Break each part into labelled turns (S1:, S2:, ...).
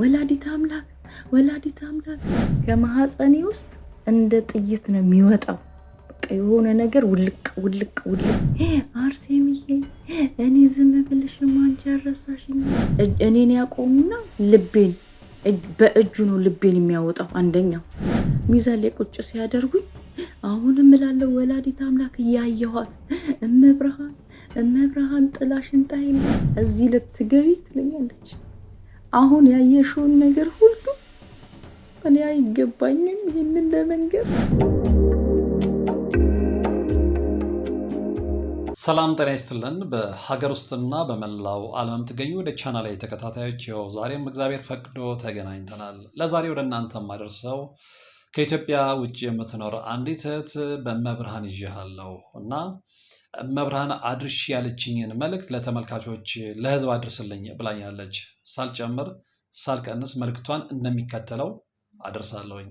S1: ወላዲት አምላክ ወላዲት አምላክ ከማህፀኔ ውስጥ እንደ ጥይት ነው የሚወጣው። በቃ የሆነ ነገር ውልቅ ውልቅ ውልቅ።
S2: አርሴምዬ እኔ ዝም ብልሽም አንቺ ያረሳሽኝ። እኔን ያቆሙና ልቤን በእጁ ነው ልቤን የሚያወጣው። አንደኛው ሚዛን ላይ ቁጭ ሲያደርጉኝ አሁንም እላለሁ ወላዲት አምላክ እያየኋት እመብርሃን እመብርሃን ጥላሽን ጣይ እዚህ ልትገቢ ትለኛለች። አሁን ያየሽውን ነገር ሁሉ እኔ አይገባኝም ይህንን ለመንገር።
S3: ሰላም ጤና ይስጥልን። በሀገር ውስጥና በመላው ዓለም የምትገኙ ወደ ቻና ላይ ተከታታዮች ው ዛሬም እግዚአብሔር ፈቅዶ ተገናኝተናል። ለዛሬ ወደ እናንተ የማደርሰው ከኢትዮጵያ ውጭ የምትኖር አንዲት እህት በመብርሃን ይዤሃለሁ እና መብርሃን አድርሽ ያለችኝን መልእክት ለተመልካቾች ለህዝብ አድርስልኝ ብላኛለች። ሳልጨምር ሳልቀንስ መልእክቷን እንደሚከተለው አድርሳለሁኝ።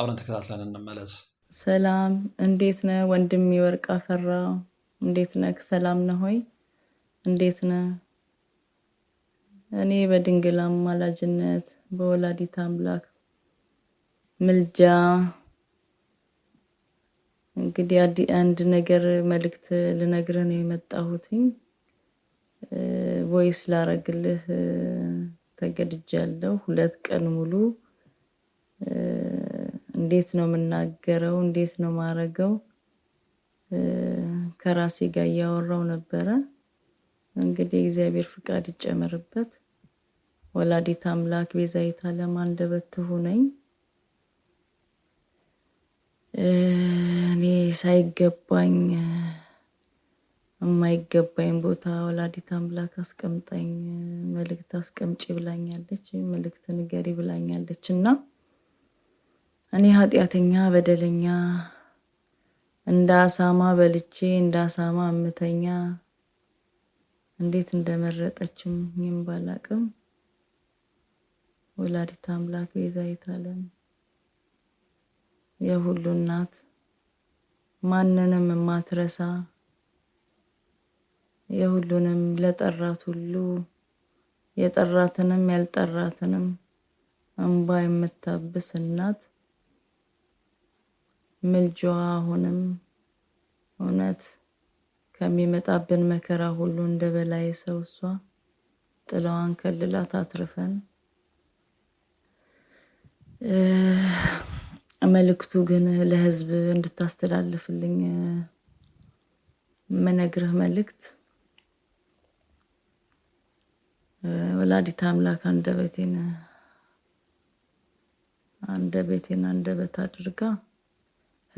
S3: አብረን ተከታትለን እንመለስ።
S4: ሰላም፣ እንዴት ነ ወንድሜ ወርቅ አፈራ? እንዴት ነ ሰላም ነ ሆይ? እንዴት ነ? እኔ በድንግል አማላጅነት በወላዲት አምላክ ምልጃ እንግዲህ አንድ ነገር መልእክት ልነግርህ ነው የመጣሁትኝ። ቮይስ ላረግልህ ተገድጃለሁ። ሁለት ቀን ሙሉ እንዴት ነው የምናገረው? እንዴት ነው ማረገው? ከራሴ ጋር እያወራው ነበረ። እንግዲህ እግዚአብሔር ፍቃድ ይጨመርበት። ወላዲት አምላክ ቤዛይታ ለማንደበት ትሁነኝ። እኔ ሳይገባኝ የማይገባኝ ቦታ ወላዲት አምላክ አስቀምጠኝ መልእክት አስቀምጪ ብላኛለች፣ መልእክት ንገሪ ብላኛለች እና እኔ ኃጢአተኛ በደለኛ እንደ አሳማ በልቼ እንደ አሳማ እምተኛ እንዴት እንደመረጠችም ይህም ባላቅም ወላዲት አምላክ ቤዛዊተ ዓለም የሁሉ እናት ማንንም የማትረሳ የሁሉንም ለጠራት ሁሉ የጠራትንም ያልጠራትንም እንባ የምታብስ እናት ምልጃዋ አሁንም እውነት ከሚመጣብን መከራ ሁሉ እንደ በላይ ሰው እሷ ጥላዋን ከልላት አትርፈን መልእክቱ ግን ለህዝብ እንድታስተላልፍልኝ መነግርህ መልእክት ወላዲት አምላክ አንደበቴን አንደበቴን አንደበት አድርጋ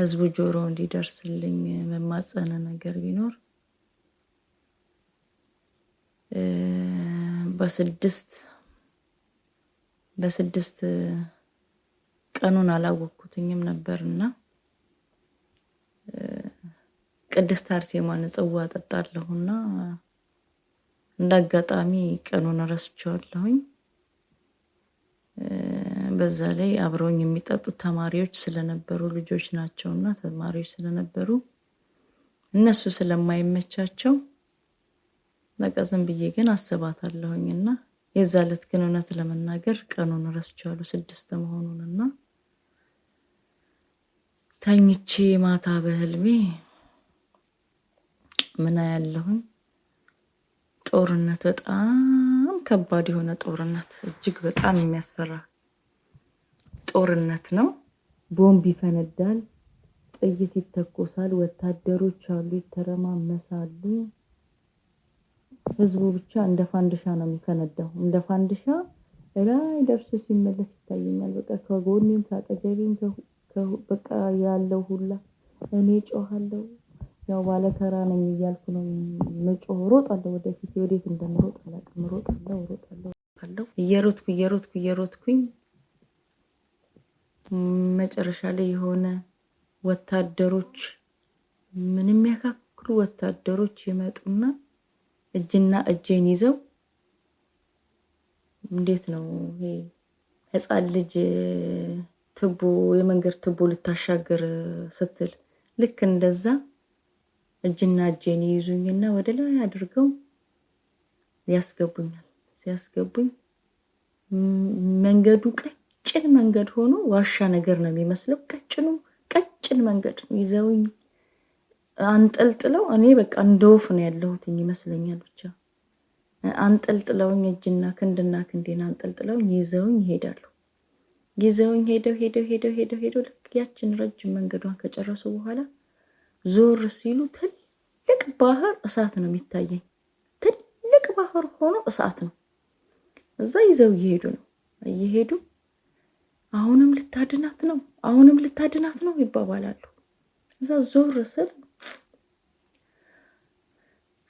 S4: ህዝቡ ጆሮ እንዲደርስልኝ መማጸነ ነገር ቢኖር በስድስት በስድስት ቀኑን አላወቅኩትኝም ነበርና ቅድስት አርሴማን ጽዋ ጠጣለሁና እንደ አጋጣሚ ቀኑን ረስቼዋለሁኝ። በዛ ላይ አብረውኝ የሚጠጡት ተማሪዎች ስለነበሩ ልጆች ናቸውና ተማሪዎች ስለነበሩ እነሱ ስለማይመቻቸው በቃ ዝም ብዬ ግን አስባታለሁኝ እና የዛ ዕለት ግን እውነት ለመናገር ቀኑን ረስቼዋለሁ ስድስት መሆኑን እና ተኝቼ ማታ በህልሜ ምን ያለሁኝ ጦርነት፣ በጣም ከባድ የሆነ ጦርነት፣ እጅግ በጣም የሚያስፈራ ጦርነት ነው። ቦምብ ይፈነዳል፣ ጥይት ይተኮሳል፣ ወታደሮች አሉ፣ ይተረማመሳሉ። ህዝቡ ብቻ እንደ ፋንድሻ ነው የሚፈነዳው፣ እንደ ፋንድሻ ላይ ደርሶ ሲመለስ ይታየኛል። በቃ ከጎኔም ከአጠገቤም በቃ ያለው ሁላ እኔ እጮሃለሁ ያው ባለተራ ነኝ እያልኩ ነው መጮህ። ሮጣለሁ ወደፊት ወዴት እንደምሮጥ አላውቅም። ሮጣለሁ አለሁ። ሮጣለሁ እየሮጥኩ እየሮጥኩ እየሮጥኩኝ መጨረሻ ላይ የሆነ ወታደሮች ምን የሚያካክሉ ወታደሮች ይመጡና እጅና እጄን ይዘው እንዴት ነው ይሄ ህፃን ልጅ ትቦ የመንገድ ትቦ ልታሻገር ስትል ልክ እንደዛ እጅና እጄን ይይዙኝና ወደ ላይ አድርገው ያስገቡኛል። ሲያስገቡኝ መንገዱ ቀጭን መንገድ ሆኖ ዋሻ ነገር ነው የሚመስለው። ቀጭኑ ቀጭን መንገድ ይዘውኝ አንጠልጥለው እኔ በቃ እንደ ወፍ ነው ያለሁት ይመስለኛል። ብቻ አንጠልጥለውኝ እጅና ክንድና ክንዴን አንጠልጥለውኝ ይዘውኝ ይሄዳሉ። ይዘውኝ ሄደው ሄደው ሄደው ሄደው ሄደው ልክ ያችን ረጅም መንገዷን ከጨረሱ በኋላ ዞር ሲሉ ትልቅ ባህር እሳት ነው የሚታየኝ። ትልቅ ባህር ሆኖ እሳት ነው። እዛ ይዘው እየሄዱ ነው እየሄዱ አሁንም ልታድናት ነው፣ አሁንም ልታድናት ነው ይባባላሉ። እዛ ዞር ስል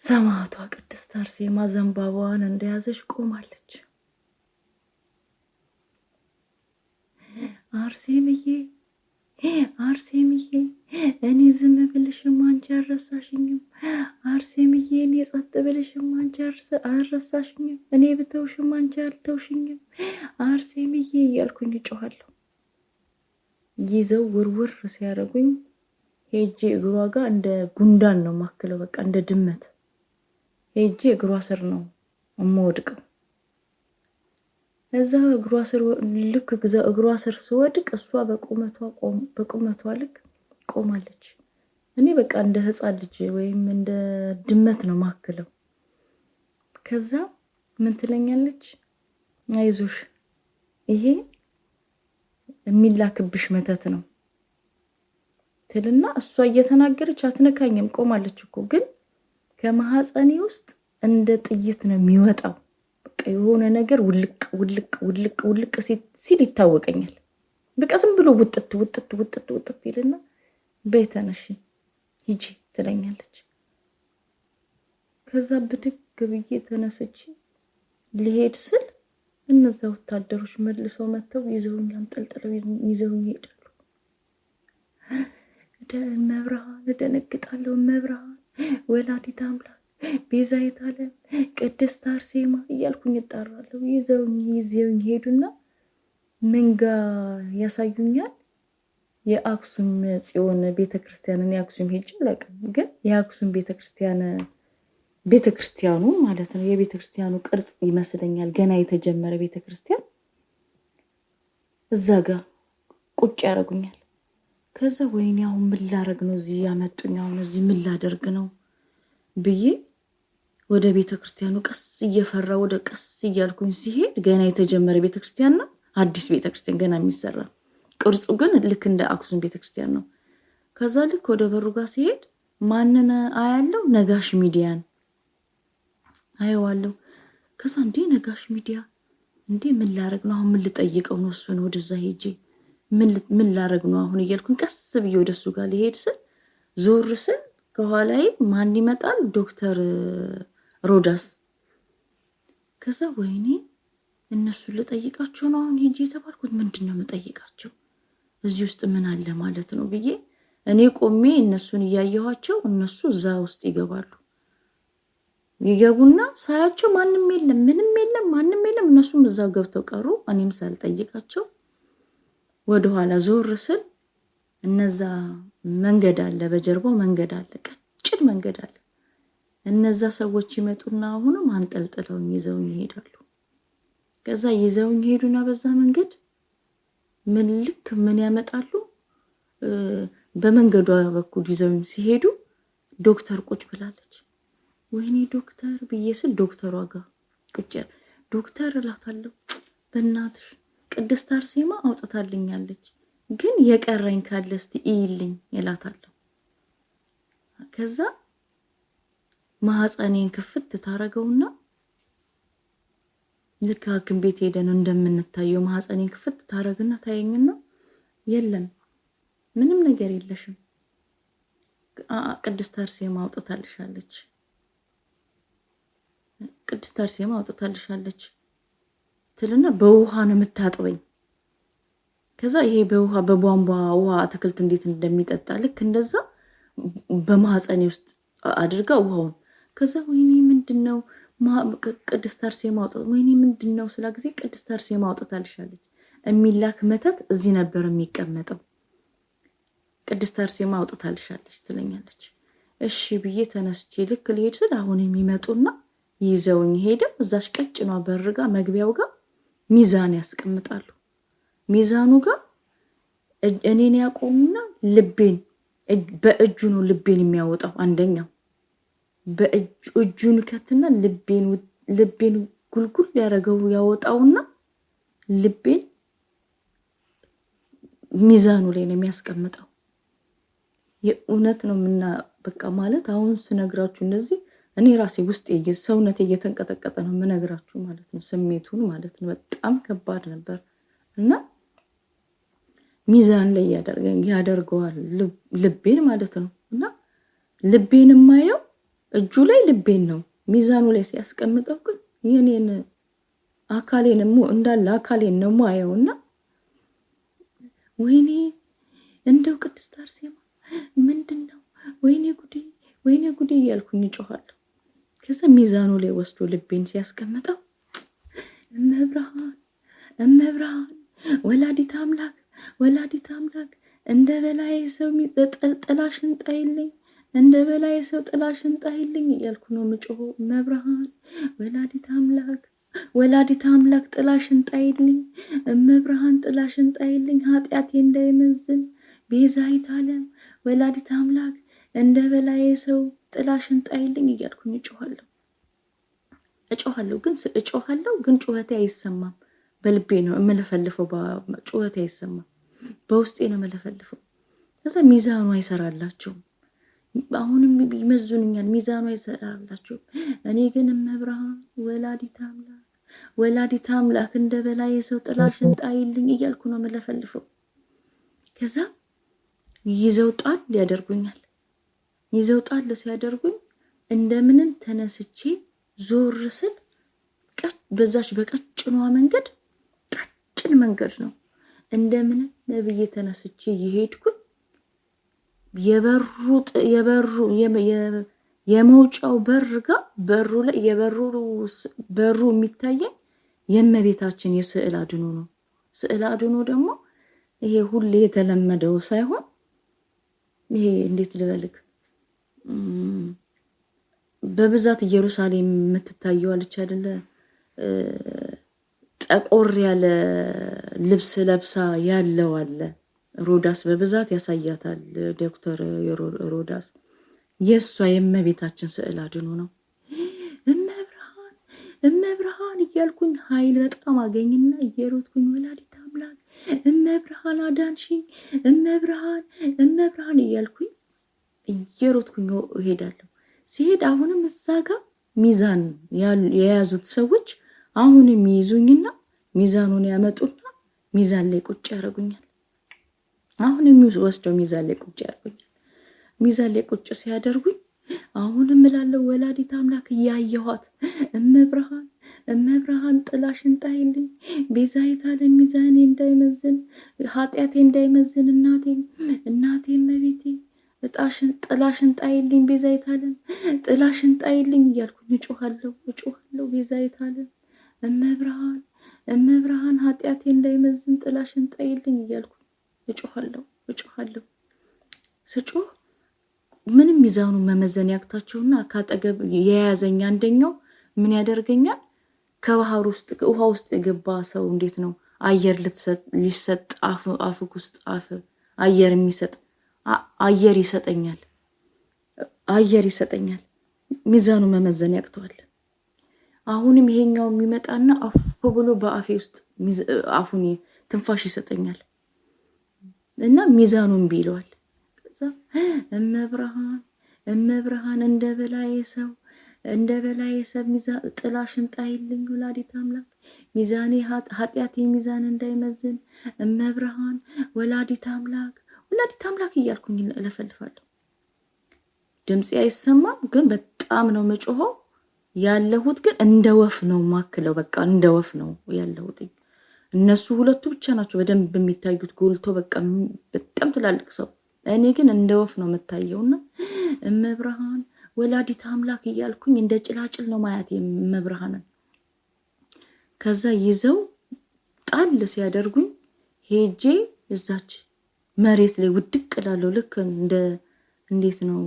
S4: ሰማዕቷ ቅድስት አርሴማ ዘንባባዋን እንደያዘች ቆማለች። አርሴምዬ አርሴምዬ እኔ ዝም ብልሽም አንቺ አልረሳሽኝም። አርሴምዬ እኔ ጸጥ ብልሽም አንቺ አልረሳሽኝም። እኔ ብተውሽም አንቺ አልተውሽኝም። አርሴምዬ እያልኩኝ እጮኋለሁ። ይዘው ውርውር ሲያደርጉኝ ሄጄ እግሯ ጋር እንደ ጉንዳን ነው ማክለው፣ በቃ እንደ ድመት ሄጄ እግሯ ስር ነው እምወድቀው። እዛ እግሯ ስር ልክ እግሯ ስር ስወድቅ እሷ በቁመቷ ልክ ቆማለች። እኔ በቃ እንደ ህፃን ልጅ ወይም እንደ ድመት ነው ማክለው። ከዛ ምን ትለኛለች? አይዞሽ ይሄ የሚላክብሽ መተት ነው ትልና እሷ እየተናገረች አትነካኝም። ቆማለች እኮ ግን ከማህፀኔ ውስጥ እንደ ጥይት ነው የሚወጣው። የሆነ ነገር ውልቅ ውልቅ ውልቅ ውልቅ ሲል ይታወቀኛል። በቃ ዝም ብሎ ውጥት ውጥት ውጥት ውጥት ይልና ቤተነሽ ሂጂ ትለኛለች። ከዛ ብድግ ብዬ ተነስቼ ሊሄድ ስል እነዛ ወታደሮች መልሰው መጥተው ይዘውኝ አንጠልጥለው ይዘውኝ ይሄዳሉ። እደ መብርሃን እደነግጣለሁ። መብርሃን ወላዲት አምላክ ቤዛ የታለ ቅድስት አርሴማ እያልኩኝ እጠራለሁ። ይዘውኝ ይዘውኝ ሄዱና መንጋ ያሳዩኛል። የአክሱም ጽዮን ቤተክርስቲያንን የአክሱም ሄጅ ለቅም ግን የአክሱም ቤተክርስቲያን ቤተክርስቲያኑ ማለት ነው የቤተክርስቲያኑ ቅርጽ ይመስለኛል ገና የተጀመረ ቤተክርስቲያን እዛ ጋር ቁጭ ያደርጉኛል። ከዛ ወይኔ አሁን ምን ላደርግ ነው እዚህ ያመጡኝ? አሁን እዚህ ምን ላደርግ ነው ብዬ ወደ ቤተ ክርስቲያኑ ቀስ እየፈራ ወደ ቀስ እያልኩኝ ሲሄድ ገና የተጀመረ ቤተ ክርስቲያን ነው። አዲስ ቤተ ክርስቲያን ገና የሚሰራ ቅርጹ ግን ልክ እንደ አክሱም ቤተ ክርስቲያን ነው። ከዛ ልክ ወደ በሩ ጋር ሲሄድ ማንን አያለው? ነጋሽ ሚዲያን አየዋለሁ። ከዛ እንዴ ነጋሽ ሚዲያ እንዴ ምን ላረግ ነው አሁን? ምን ልጠይቀው ነው እሱን? ወደዛ ሄጄ ምን ላረግ ነው አሁን እያልኩኝ ቀስ ብዬ ወደሱ ጋር ሊሄድ ስል ዞር ስል ከኋላዬ ማን ይመጣል? ዶክተር ሮዳስ። ከዛ ወይኔ እነሱን ልጠይቃቸው ነው አሁን ሂጅ የተባልኩት። ምንድን ነው የምጠይቃቸው እዚህ ውስጥ ምን አለ ማለት ነው ብዬ እኔ ቆሜ እነሱን እያየኋቸው እነሱ እዛ ውስጥ ይገባሉ። ይገቡና ሳያቸው ማንም የለም፣ ምንም የለም፣ ማንም የለም። እነሱም እዛው ገብተው ቀሩ። እኔም ሳልጠይቃቸው ወደኋላ ዞር ስል እነዛ መንገድ አለ፣ በጀርባው መንገድ አለ፣ ቀጭን መንገድ አለ። እነዛ ሰዎች ይመጡና አሁንም አንጠልጥለውኝ ይዘውኝ ይሄዳሉ። ከዛ ይዘውኝ ይሄዱና በዛ መንገድ ምን ልክ ምን ያመጣሉ። በመንገዷ በኩል ይዘውኝ ሲሄዱ ዶክተር ቁጭ ብላለች። ወይኔ ዶክተር ብዬ ስል ዶክተሯ ጋር ቁጭ ዶክተር እላታለሁ። በእናትሽ ቅድስት አርሴማ አውጥታልኛለች፣ ግን የቀረኝ ካለ እስቲ እይልኝ እላታለሁ። ከዛ ማህፀኔን ክፍት ታረገውና ልክ ሐኪም ቤት ሄደን እንደምንታየው ማህፀኔን ክፍት ታረግና ታየኝና የለም ምንም ነገር የለሽም፣ ቅድስት አርሴማ አውጥታልሻለች፣ ቅድስት አርሴማ አውጥታልሻለች ትልና በውሃ ነው የምታጥበኝ። ከዛ ይሄ በውሃ በቧንቧ ውሃ አትክልት እንዴት እንደሚጠጣ ልክ እንደዛ በማህፀኔ ውስጥ አድርጋ ውሃውን ከዛ ወይኔ ምንድን ነው ቅድስት አርሴማ አውጥታ ወይኔ ምንድን ነው ስላ ጊዜ ቅድስት አርሴማ አውጥታልሻለች። የሚላክ መተት እዚህ ነበር የሚቀመጠው። ቅድስት አርሴማ አልሻለች ትለኛለች። እሺ ብዬ ተነስቼ ልክ ልሄድ ስል አሁን የሚመጡና ይዘውኝ ሄደው እዛች ቀጭኗ በርጋ መግቢያው ጋር ሚዛን ያስቀምጣሉ። ሚዛኑ ጋር እኔን ያቆሙና ልቤን በእጁ ነው ልቤን የሚያወጣው አንደኛው በእጁን ከትና ልቤን ጉልጉል ያደረገው ያወጣውና ልቤን ሚዛኑ ላይ ነው የሚያስቀምጠው። የእውነት ነው ምና በቃ ማለት አሁን ስነግራችሁ እንደዚህ እኔ ራሴ ውስጥ ሰውነቴ እየተንቀጠቀጠ ነው የምነግራችሁ ማለት ነው፣ ስሜቱን ማለት ነው። በጣም ከባድ ነበር እና ሚዛን ላይ ያደርገዋል ልቤን ማለት ነው እና ልቤን የማየው እጁ ላይ ልቤን ነው ሚዛኑ ላይ ሲያስቀምጠው ግን የኔን አካሌን እንዳለ አካሌን ነው ማየው እና ወይኔ እንደው ቅድስት አርሴማ ምንድን ነው ወይኔ ጉዴ ወይኔ ጉዴ እያልኩኝ እጮኋለሁ። ከዛ ሚዛኑ ላይ ወስዶ ልቤን ሲያስቀምጠው እመብርሃን እመብርሃን ወላዲት አምላክ ወላዲት አምላክ እንደ በላይ ሰው ጠላሽን ጣይልኝ እንደ በላይ ሰው ጥላሽን ጣይልኝ እያልኩ ነው ምጮሆ መብርሃን ወላዲት አምላክ ወላዲት አምላክ ጥላሽን ጣይልኝ መብርሃን ጥላሽን ጣይልኝ ኃጢአቴ እንዳይመዝን ቤዛዊት ዓለም ወላዲት አምላክ እንደ በላይ ሰው ጥላሽን ጣይልኝ እያልኩ እጮኋለሁ እጮኋለሁ ግን እጮኋለሁ ግን ጩኸቴ አይሰማም። በልቤ ነው የምለፈልፈው። ጩኸቴ አይሰማም። በውስጤ ነው የምለፈልፈው። ከዛ ሚዛኑ አይሰራላቸውም። አሁንም ይመዙንኛል፣ ሚዛኑ አይሰራላችሁም። እኔ ግን እመብርሃን ወላዲተ አምላክ ወላዲተ አምላክ እንደ በላይ የሰው ጥላሽን ጣይልኝ እያልኩ ነው የምለፈልፈው። ከዛ ይዘው ጣል ያደርጉኛል። ይዘው ጣል ሲያደርጉኝ እንደምንም ተነስቼ ዞር ስል በዛች በቀጭኗ መንገድ ቀጭን መንገድ ነው እንደምንም ነብዬ ተነስቼ የሄድኩኝ የበሩ የመውጫው በር ጋር በሩ ላይ የበሩ በሩ የሚታየኝ የእመቤታችን የስዕል አድኖ ነው። ስዕል አድኖ ደግሞ ይሄ ሁሌ የተለመደው ሳይሆን ይሄ እንዴት ልበልግ በብዛት ኢየሩሳሌም የምትታየው አለች አይደለ? ጠቆር ያለ ልብስ ለብሳ ያለው አለ። ሮዳስ በብዛት ያሳያታል። ዶክተር ሮዳስ የእሷ የእመቤታችን ስዕል አድኖ ነው። እመብርሃን እመብርሃን እያልኩኝ ኃይል በጣም አገኝና እየሮጥኩኝ ወላዲተ አምላክ እመብርሃን አዳንሽኝ፣ እመብርሃን እመብርሃን እያልኩኝ እየሮጥኩኝ እሄዳለሁ። ሲሄድ አሁንም እዛ ጋር ሚዛን የያዙት ሰዎች አሁንም ይይዙኝና ሚዛኑን ያመጡና ሚዛን ላይ ቁጭ ያደርጉኛል። አሁን ወስደው ሚዛን ላይ ቁጭ ያደርጉኛል። ሚዛን ላይ ቁጭ ሲያደርጉኝ አሁን እምላለሁ ወላዲት አምላክ እያየኋት እመብርሃን እመብርሃን ጥላሽን ጣይልኝ ቤዛ ለሚዛኔ ሚዛኔ እንዳይመዝን ኃጢአቴ እንዳይመዝን እናቴ እናቴ እመቤቴ እጣሽን ጥላሽን ጣይልኝ ቤዛ የታለን ጥላሽን ጣይልኝ እያልኩኝ እጮኋለሁ እጮኋለሁ ቤዛ የታለን እመብርሃን እመብርሃን ኃጢአቴ እንዳይመዝን ጥላሽን ጣይልኝ እያልኩ እጮኋለሁ እጮኋለሁ ስጮህ ምንም ሚዛኑ መመዘን ያቅታቸውና ካጠገብ የያዘኝ አንደኛው ምን ያደርገኛል? ከባህር ውስጥ ውሃ ውስጥ የገባ ሰው እንዴት ነው አየር ሊሰጥ አፍግ ውስጥ አፍ አየር የሚሰጥ አየር ይሰጠኛል፣ አየር ይሰጠኛል። ሚዛኑ መመዘን ያቅተዋል። አሁንም ይሄኛው የሚመጣና አፉ ብሎ በአፌ ውስጥ አፉን ትንፋሽ ይሰጠኛል። እና ሚዛኑን ቢለዋል። ከዛ እመብርሃን እመብርሃን እንደ በላይ ሰው እንደ በላይ ሰብ ጥላሽን ጣይልኝ ወላዲት አምላክ ሚዛኔ ኃጢአቴ ሚዛን እንዳይመዝን እመብርሃን ወላዲት አምላክ ወላዲት አምላክ እያልኩኝ እለፈልፋለሁ። ድምጽ አይሰማም፣ ግን በጣም ነው መጮኸው ያለሁት። ግን እንደ ወፍ ነው ማክለው፣ በቃ እንደ ወፍ ነው ያለሁት። እነሱ ሁለቱ ብቻ ናቸው በደንብ የሚታዩት ጎልቶ በቃ በጣም ትላልቅ ሰው። እኔ ግን እንደ ወፍ ነው የምታየውና እመብርሃን ወላዲት አምላክ እያልኩኝ እንደ ጭላጭል ነው ማያት እመብርሃንን። ከዛ ይዘው ጣል ሲያደርጉኝ ሄጄ እዛች መሬት ላይ ውድቅ እላለሁ። ልክ እንደ እንዴት ነው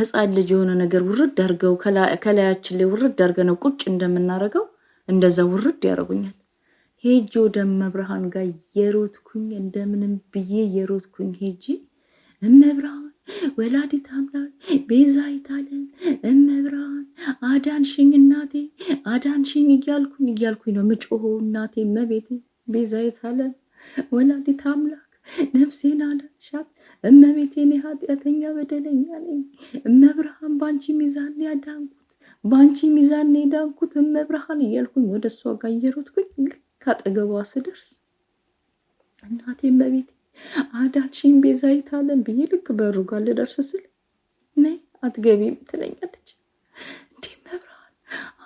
S4: ህፃን ልጅ የሆነ ነገር ውርድ አድርገው ከላያችን ላይ ውርድ አድርገ ነው ቁጭ እንደምናደርገው እንደዛ ውርድ ያደርጉኛል። ሄጂ ወደ መብርሃን ጋር የሮትኩኝ እንደምንም ብዬ የሮትኩኝ ሄጂ እመብርሃን ወላዲት አምላክ ቤዛ ይታለን እመብርሃን አዳንሽኝ እናቴ አዳንሽኝ እያልኩኝ እያልኩኝ ነው ምጮሆ እናቴ መቤቴ ቤዛ ይታለን ወላዲት አምላክ ነፍሴን አዳንሻት እመቤቴን የኃጢአተኛ በደለኛ ነኝ እመብርሃን በአንቺ ሚዛን ያዳንኩት በአንቺ ሚዛን የዳንኩት እመብርሃን እያልኩኝ ወደ እሷ ጋር እየሮጥኩኝ ካጠገቧ ስደርስ እናቴን በቤቴ አዳችን ቤዛዊት ዓለም ብዬ ልክ በሩ ጋር ልደርስ ስል ነይ አትገቢም ትለኛለች። እንዲህ መብርሃን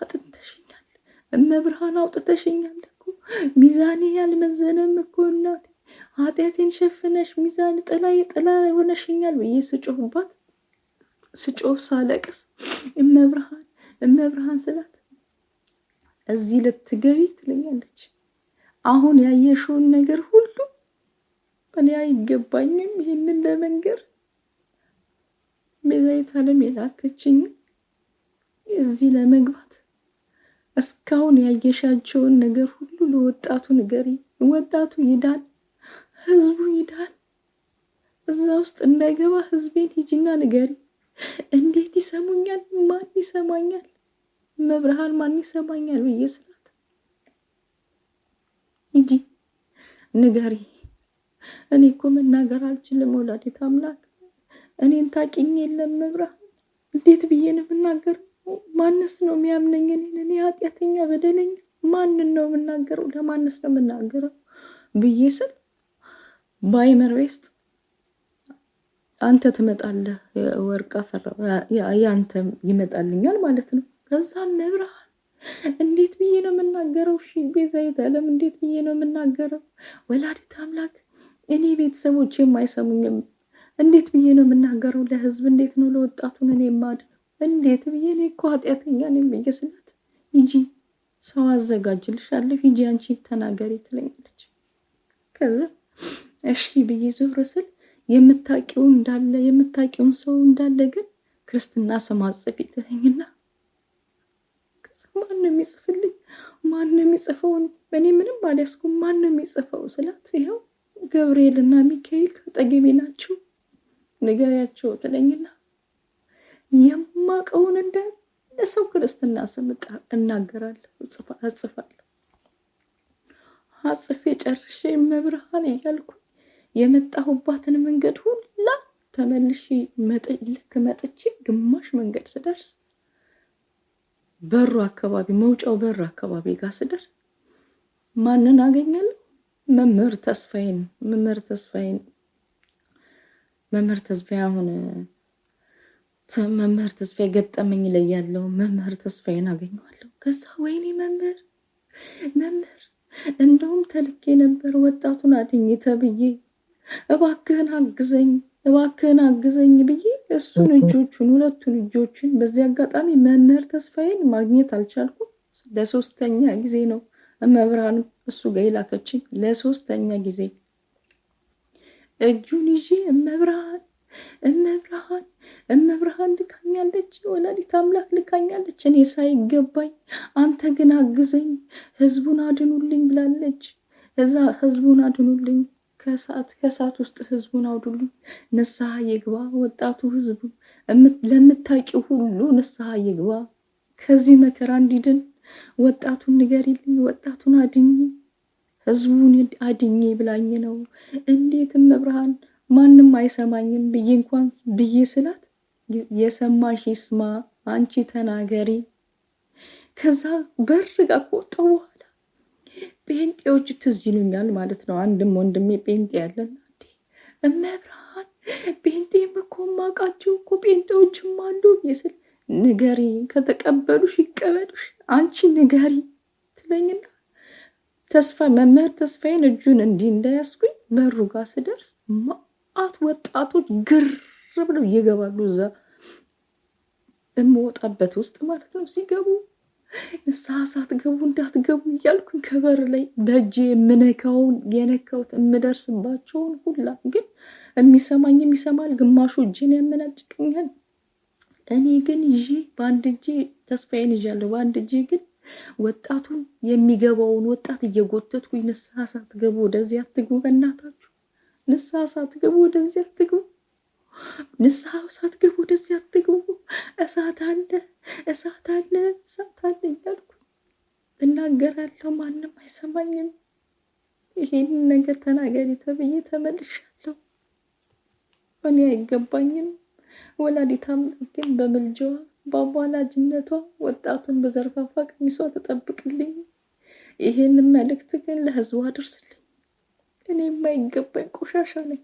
S4: አጥንተሽኛል፣ መብርሃን አውጥተሽኛል እኮ ሚዛኔ ያልመዘነም እኮ እናቴ ኃጢአቴን ሸፍነሽ ሚዛን ጥላ ጥላ የሆነሽኛል ብዬ ስጮህባት ስጮህ ሳለቅስ እመብርሃን እመብርሃን ስላት እዚህ ልትገቢ ትለኛለች። አሁን ያየሽውን ነገር ሁሉ እኔ አይገባኝም ይህንን ለመንገር ቤዛዊት ዓለም የላከችኝ እዚህ ለመግባት እስካሁን ያየሻቸውን ነገር ሁሉ ለወጣቱ ንገሪ። ወጣቱ ይዳን፣ ህዝቡ ይዳን። እዛ ውስጥ እንዳይገባ ህዝቤን ሂጂና ንገሪ። እንዴት ይሰሙኛል? ማን ይሰማኛል? መብርሃን ማን ይሰማኛል ብዬ ሂጂ ንገሪ። እኔ እኮ መናገር አልችልም። ወላዲት አምላክ እኔን ታቂኝ የለም ምብራ እንዴት ብዬ ነው የምናገር? ማንስ ነው የሚያምነኝ? እኔን እኔ ኃጢአተኛ በደለኛ ማንን ነው የምናገረው? ለማንስ ነው የምናገረው ብዬ ስል ባይመር ውስጥ አንተ ትመጣለህ፣ ወርቅ አፈራ ያንተ ይመጣልኛል ማለት ነው። ከዛም መብርሃን እንዴት ብዬ ነው የምናገረው? እሺ ቤዛ ይታለም እንዴት ብዬ ነው የምናገረው? ወላዲት አምላክ እኔ ቤተሰቦች የማይሰሙኝም እንዴት ብዬ ነው የምናገረው? ለህዝብ እንዴት ነው ለወጣቱን እኔ ማድ እንዴት ብዬ ነው እኮ ኃጢአተኛ ነኝ ብዬ ስላት ሂጂ ሰው አዘጋጅልሻለሁ ሂጂ አንቺ ተናገሪ ትለኛለች። ከዛ እሺ ብዬ ዞር ስል የምታውቂውን እንዳለ የምታውቂውን ሰው እንዳለ ግን ክርስትና ስም አጽፊ ትለኝና ማን ነው የሚጽፍልኝ? ማን ነው የሚጽፈውን? እኔ ምንም ባልያዝኩም ማን ነው የሚጽፈው ስላት ይኸው ገብርኤል እና ሚካኤል አጠገቤ ናቸው ንገሪያቸው ትለኝና የማቀውን እንደ ለሰው ክርስትና ስም እናገራለሁ፣ አጽፋለሁ። አጽፌ ጨርሼ መብርሃን እያልኩ የመጣሁባትን መንገድ ሁላ ተመልሼ ልክ መጥቼ ግማሽ መንገድ ስደርስ በሩ አካባቢ መውጫው በር አካባቢ ጋር ስደር ማንን አገኛለሁ? መምህር ተስፋዬን። መምህር ተስፋዬን መምህር ተስፋዬ አሁን መምህር ተስፋዬ ገጠመኝ ላይ ያለው መምህር ተስፋዬን አገኘዋለሁ። ከዛ ወይኔ መምህር መምህር እንደውም ተልኬ ነበር ወጣቱን አድኝ ተብዬ እባክህን አግዘኝ እባክህን አግዘኝ ብዬ እሱን እጆቹን ሁለቱን እጆቹን በዚህ አጋጣሚ መምህር ተስፋዬን ማግኘት አልቻልኩም። ለሶስተኛ ጊዜ ነው መብርሃን እሱ ጋ የላከችኝ። ለሶስተኛ ጊዜ እጁን ይዤ እመብርሃን እመብርሃን እመብርሃን ልካኛለች፣ ወላዲት አምላክ ልካኛለች፣ እኔ ሳይገባኝ አንተ ግን አግዘኝ፣ ህዝቡን አድኑልኝ ብላለች። እዛ ህዝቡን አድኑልኝ ከእሳት ውስጥ ህዝቡን አውዱሉ፣ ንስሐ ይግባ። ወጣቱ ህዝቡ ለምታቂ ሁሉ ንስሐ ይግባ፣ ከዚህ መከራ እንዲድን። ወጣቱን ንገሪልኝ፣ ወጣቱን አድኝ፣ ህዝቡን አድኝ ብላኝ ነው። እንዴትም መብርሃን ማንም አይሰማኝም ብዬ እንኳን ብዬ ስላት የሰማሽ ይስማ፣ አንቺ ተናገሪ። ከዛ በር ጋር ቆጠዋ ጴንጤዎች ትዝ ይሉኛል ማለት ነው። አንድም ወንድሜ ጴንጤ ያለና እመብርሃን ጴንጤ እኮ ማውቃቸው እኮ ጴንጤዎችም አሉ ስል ንገሪ ከተቀበሉሽ ይቀበሉሽ አንቺ ንገሪ ትለኝና ተስፋ መምህር ተስፋዬን እጁን እንዲህ እንዳያስኩኝ በሩ ጋር ስደርስ ማአት ወጣቶች ግር ብለው ይገባሉ እዛ የምወጣበት ውስጥ ማለት ነው ሲገቡ ንስሐ ሳትገቡ እንዳትገቡ እያልኩኝ ከበር ላይ በእጅ የምነካውን የነካውት የምደርስባቸውን ሁላ ግን የሚሰማኝ የሚሰማል፣ ግማሹ እጅን ያመናጭቀኛል። እኔ ግን ይዤ በአንድ እጄ ተስፋዬን ይዣለሁ፣ በአንድ እጄ ግን ወጣቱን የሚገባውን ወጣት እየጎተትኩኝ ንስሐ ሳትገቡ ወደዚህ አትግቡ፣ በእናታችሁ ንስሐ ሳትገቡ ወደዚህ አትግቡ። ንስሐ ግቡ፣ ወደዚህ አትግቡ፣ እሳት አለ፣ እሳት አለ፣ እሳት አለ እያልኩ እናገራለሁ። ማንም አይሰማኝም። ይሄን ነገር ተናገሪ ተብዬ ተመልሻለሁ። እኔ አይገባኝም። ወላዲተ አምላክ ግን በምልጃዋ በአዋላጅነቷ ወጣቱን በዘርፋፋ ቀሚሷ ትጠብቅልኝ። ይሄን መልእክት ግን ለህዝቡ አድርስልኝ። እኔ የማይገባኝ ቆሻሻ ነኝ።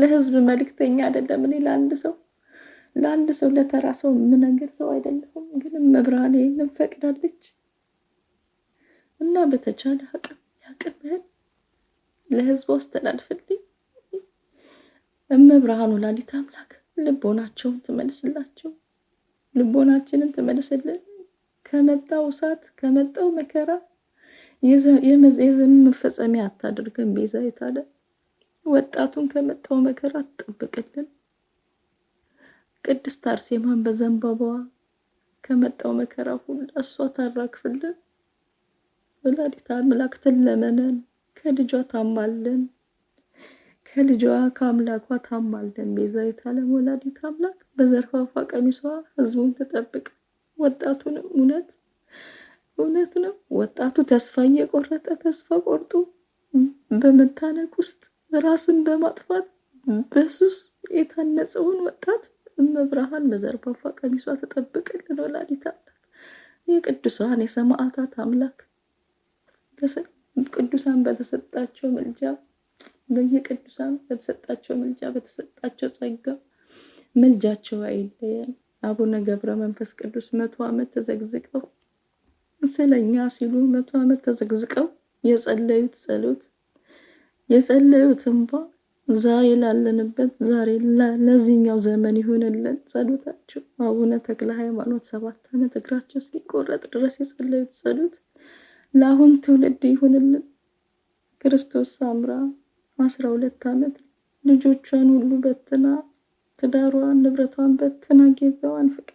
S4: ለህዝብ መልክተኛ አይደለም። እኔ ለአንድ ሰው ለአንድ ሰው ለተራ ሰው የምነግር ሰው አይደለም። ግን መብራን ይህንም ፈቅዳለች እና በተቻለ አቅም ያቅምህን ለህዝብ አስተላልፍልኝ። እመብርሃኑ ላሊት አምላክ ልቦናቸውን ትመልስላቸው፣ ልቦናችንን ትመልስልን። ከመጣው እሳት ከመጣው መከራ የዘመን መፈጸሚያ አታደርገን ቤዛ የታለን ወጣቱን ከመጣው መከራ ትጠብቅልን። ቅድስት አርሴማን በዘንባባዋ ከመጣው መከራ ሁሉ እሷ ታራክፍልን። ወላዲተ አምላክ ትለመነን፣ ከልጇ ታማልን፣ ከልጇ ከአምላኳ ታማልን። ቤዛዊተ ዓለም ወላዲተ አምላክ በዘርፋፋ ቀሚሷ ህዝቡን ትጠብቅ። ወጣቱንም እውነት እውነት ነው ወጣቱ ተስፋ እየቆረጠ ተስፋ ቆርጦ በመታነቅ ውስጥ ራስን በማጥፋት በሱስ የታነጸውን ወጣት እመብርሃን በዘርፋፋ ቀሚሷ ተጠብቅልን ወላዲተ አምላክ የቅዱሳን የሰማዕታት አምላክ ቅዱሳን በተሰጣቸው ምልጃ በየቅዱሳን በተሰጣቸው ምልጃ በተሰጣቸው ጸጋ ምልጃቸው አይለየን። አቡነ ገብረ መንፈስ ቅዱስ መቶ ዓመት ተዘግዝቀው ስለኛ ሲሉ መቶ ዓመት ተዘግዝቀው የጸለዩት ጸሎት የጸለዩት እንባ ዛሬ ላለንበት ዛሬ ለዚህኛው ዘመን ይሆንልን። ጸሎታቸው አቡነ ተክለ ሃይማኖት ሰባት ዓመት እግራቸው እስኪቆረጥ ድረስ የጸለዩት ጸሎት ለአሁን ትውልድ ይሆንልን። ክርስቶስ ሳምራ አስራ ሁለት ዓመት ልጆቿን ሁሉ በትና ትዳሯን ንብረቷን በትና ጌዛዋን ፍቅር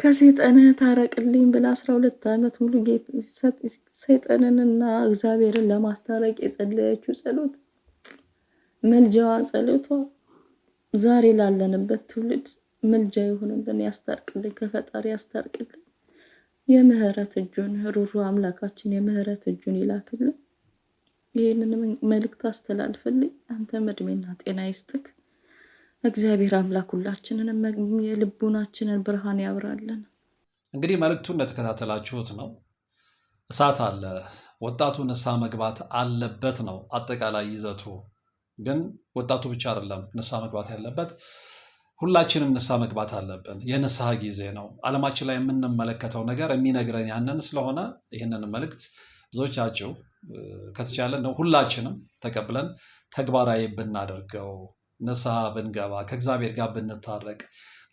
S4: ከሴጠነ ታረቅልኝ ብላ አስራ ሁለት ዓመት ሙሉ ሰይጣንንና እግዚአብሔርን ለማስታረቅ የጸለየችው ጸሎት መልጃዋ ጸሎቷ ዛሬ ላለንበት ትውልድ መልጃ የሆነልን ያስታርቅልን፣ ከፈጣሪ ያስታርቅልን። የምህረት እጁን ሩሩ አምላካችን የምህረት እጁን ይላክልን። ይህንን መልእክት አስተላልፍልኝ። አንተም እድሜና ጤና ይስጥክ። እግዚአብሔር አምላክ ሁላችንን የልቡናችንን ብርሃን ያብራልን።
S3: እንግዲህ መልእክቱን እንደተከታተላችሁት ነው። እሳት አለ ወጣቱ ንስሐ መግባት አለበት ነው አጠቃላይ ይዘቱ። ግን ወጣቱ ብቻ አይደለም ንስሐ መግባት ያለበት፣ ሁላችንም ንስሐ መግባት አለብን። የንስሐ ጊዜ ነው። ዓለማችን ላይ የምንመለከተው ነገር የሚነግረን ያንን ስለሆነ ይህንን መልእክት ብዙዎቻችሁ ከተቻለ ነው ሁላችንም ተቀብለን ተግባራዊ ብናደርገው ንስሐ ብንገባ ከእግዚአብሔር ጋር ብንታረቅ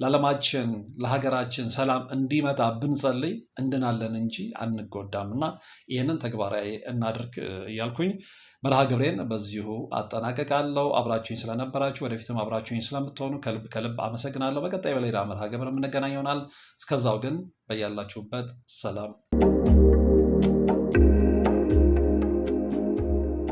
S3: ለዓለማችን ለሀገራችን ሰላም እንዲመጣ ብንጸልይ እንድናለን እንጂ አንጎዳም እና ይህንን ተግባራዊ እናድርግ እያልኩኝ መርሃ ግብሬን በዚሁ አጠናቀቃለሁ። አብራችሁኝ ስለነበራችሁ ወደፊትም አብራችሁኝ ስለምትሆኑ ከልብ ከልብ አመሰግናለሁ። በቀጣይ በሌላ መርሃ ግብር የምንገናኝ ይሆናል። እስከዛው ግን በያላችሁበት ሰላም